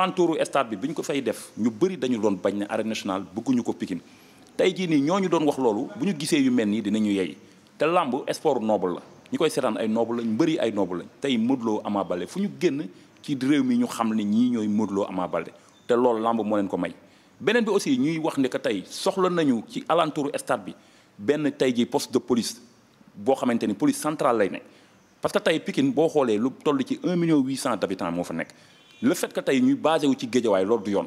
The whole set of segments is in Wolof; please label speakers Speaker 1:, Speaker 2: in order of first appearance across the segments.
Speaker 1: alentouru stade bi bi ñu ko fay def ñu bëri dañu doon bañ ne arène nationale bëgguñu ko Pikine tey jii nii ñoo ñu doon wax loolu bu ñu gisee yu mel nii dinañu yey te làmb sport noble la ñi koy seetaan ay noble lañ mbëri ay noble lañ tey Modou Lo Ama Baldé fu ñu génn ci réew mi ñu xam ne ñii ñooy Modou Lo Ama te lool làmb moo leen ko may beneen bi aussi ñuy wax ne que tey soxla nañu ci alentour stade bi benn tey ji poste de police boo xamante ni police centrale lay ne parce que tey Pikine boo xoolee lu toll ci 1 million 800 d' habitants moo fa nekk le fait tey ñuy basé wu ci géejawaay loolu du yoon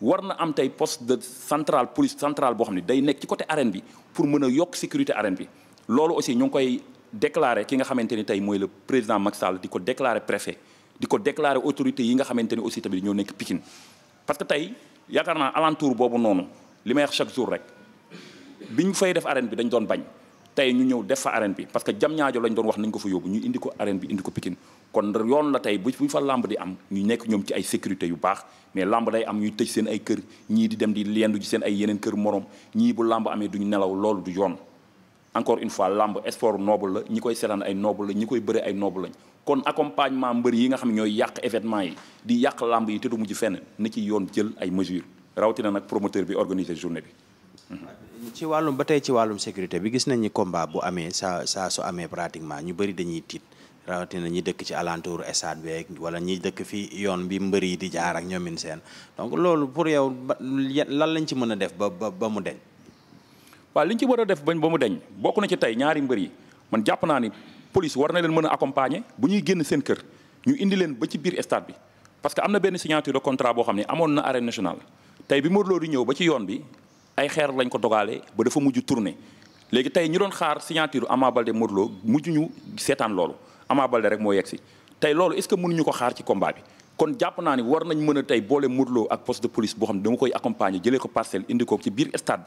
Speaker 1: war na am tey poste de centrale police centrale boo xam ne day nekk ci côté arène bi pour mën a yokk sécurité arène bi loolu aussi ñu ngi koy déclaré ki nga xamante tey mooy la président Macky Sall di ko déclaré préfet di ko déclaré autorité yi nga xamante ni aussi tamit ñoo nekk Pikine parce que tey yaakaar naa alentour boobu noonu li may wax chaque jour rek bi ñu fay def arène bi dañ doon bañ tey ñu ñëw def fa arène bi parce que jam ñaajo lañ doon wax nañ ko fa yóbbu ñu indi ko arène bi indi ko Pikine kon yoon la tey bu ñu fa làmb di am ñu nekk ñoom ci ay sécurité yu baax mais làmb day am ñu tëj seen ay kër ñii di dem di lendu ci seen ay yeneen kër morom ñii bu làmb amee du ñu nelaw loolu du yoon encore une fois làmb sport noble la ñi koy seetaan ay noble la ñi koy bëre ay noble lañ kon accompagnement mbër yi nga xam ne ñooy yàq événement yi di yàq làmb yi te du mujj fenn na ci yoon jël ay mesures rawatina nag promoteur bi organiser journée bi ci wàllum ba tey ci wàllum sécurité bi gis nañ ni combat bu amee saa saa su amee pratiquement ñu bëri dañuy tiit rawatina ñi dëkk ci alentour stade beeg wala ñi dëkk fi yoon bi mbër yi di jaar ak ñoomin seen donc loolu pour yow lan lañ ci mën a def ba ba ba mu deñ waaw li ci war a def bañ ba mu deñ bokk na ci tey ñaari mbër yi man jàpp naa ni police war na leen mën a accompagner bu ñuy génn seen kër ñu indi leen ba ci biir stade bi parce que am na benn signature contrat boo xam ne amoon na arène nationale tey bi Modou Lo di ñëw ba ci yoon bi ay xeer lañ ko dogaale ba dafa mujj tourné léegi tey ñu doon xaar signature Ama Baldé Modou Lô mujj ñu seetaan loolu Ama Baldé rek moo yegg si tey loolu est-ce que mënuñu ko xaar ci combat bi kon jàpp naa ni war nañ mën tey boole Modou ak poste de police boo xam ne dama koy accompagner jëlee ko parcelle indi ko ci biir stade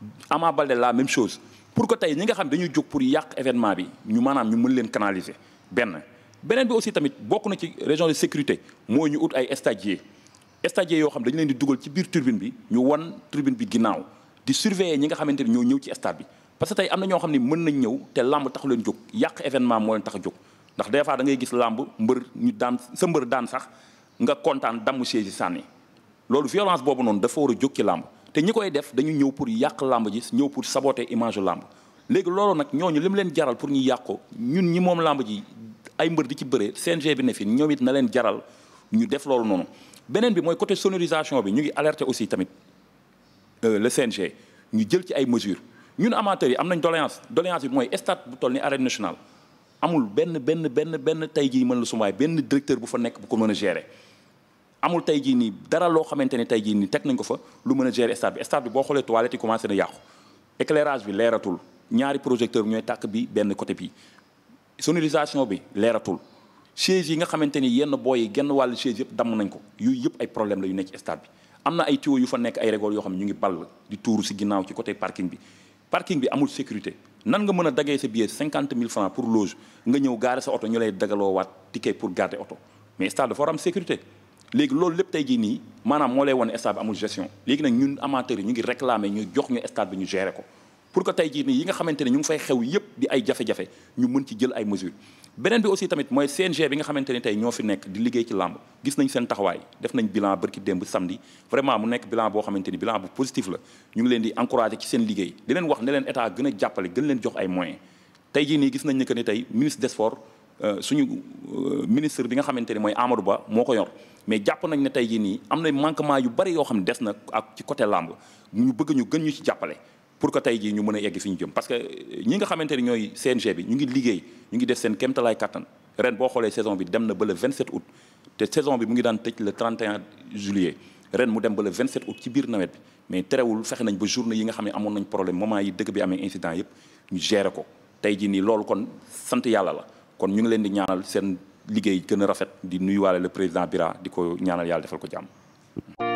Speaker 1: bi Ama Baldé la même chose pour que tey ñi nga xam dañuy jóg pour yàq événement bi ñu maanaam ñu mën leen canaliser benn beneen bi aussi tamit bokk na ci région de sécurité moo ñu ut ay stagiaires stadiers yoo xam dañu leen di dugal ci biir tribune bi ñu won tribune bi ginnaaw di surveiller ñi nga xamante ni ñoo ñëw ci stade bi parce que tey am na ñoo xam ni mën nañ ñëw te làmb taxu leen jóg yàq événement moo tax a jóg ndax des fois da gis làmb mbër ñu daan sa daan sax nga kontaan damm siège sànni loolu violence boobu noonu dafa war a jóg ci làmb te ñi koy def dañu ñëw pour yàq làmb ji ñëw pour saboter image làmb léegi loolu nag ñooñu li mu leen jaral pour ñu yàq ko ñun ñi moom làmb ji ay mbër di ci bëree CNG bi ne fi ñoom it na leen jaral ñu def loolu noonu beneen bi mooy côté sonorisation bi ñu ngi alerté aussi tamit euh, le CNG ñu jël ci ay mesures ñun amateurs yi am nañ doléance doléance bi mooy stade bu toll ni arène nationale amul benn benn benn benn tey jii mën la sumbaay benn directeur bu fa nekk bu ko mën a gérer amul tey jii nii dara loo xamante ne tey jii nii teg nañ ko fa lu mën a gérer stade bi stade bi boo xoolee toilette yi commencé na yàqu éclairage bi leeratul ñaari projecteur bi ñooy tàkk bi benn côté bi sonorisation bi leeratul chaise yi nga xamante ni yenn booy yi genn wàll chaise yëpp damm nañ ko yooyu yëpp ay problème la yu nekk ci stade bi am na ay tuyaux yu fa nekk ay régool yoo xam ñu ngi ball di tuuru si ginnaaw ci côté parking bi parking bi amul sécurité nan nga mën a dagee sa biir cinquante mille francs pour loge nga ñëw gaare sa oto ñu lay dagaloo waat ticket pour garder oto mais stade dafa war am sécurité léegi loolu lépp tey jii nii maanaam moo lay wan stade bi amul léegi nag ñun amateurs yi ñu ngi réclamer ñu jox ñu stade bi ñu gérer ko pour que tey jii nii yi nga xamante ne ñu ngi fay xew yépp di ay jafe-jafe ñu mën ci jël ay mesures beneen bi aussi tamit mooy CNG bi nga xamante ne tey ñoo fi nekk di liggéey ci làmb gis nañ seen taxawaay def nañ bilan bërki démb samedi mu nekk bilan boo xamante ni bilan bu positif la ngi leen di encourager ci seen liggéey di leen wax ne leen état gën a jàppale ay moyens tey jii nii gis nañ ne que ni tey ministre des sports euh, suñu euh, ministre bi nga xamante ne mooy Amadou Ba moo ko yor mais jàpp nañ ne tey jii nii am na manquement yu bari yoo xam ne des na ak ci côté làmb ñu bëgg ñu gën ñu ci jàppale pour que tey jii ñu mën egg yegg fi ñu jëm parce que euh, ñi nga xamante ni ñooy CNG bi ñu ngi liggéey ñu ngi def seen kéemtalaay kattan ren boo xoolee saison bi dem na ba le 27 août te saison bi mu ngi daan tëj le 31 juillet ren mu dem ba le 27 août ci biir nawet bi mais terewul fexe nañ ba journée yi nga xam amoon nañ problème moment yi dëkk bi amee incident yëpp ñu gérer ko tey jii nii loolu kon sant yàlla la kon ñu ngi leen di ñaanal seen liggéey gën a rafet di nuyuwaale le président Bira di ko ñaanal yàlla defal ko jàmm.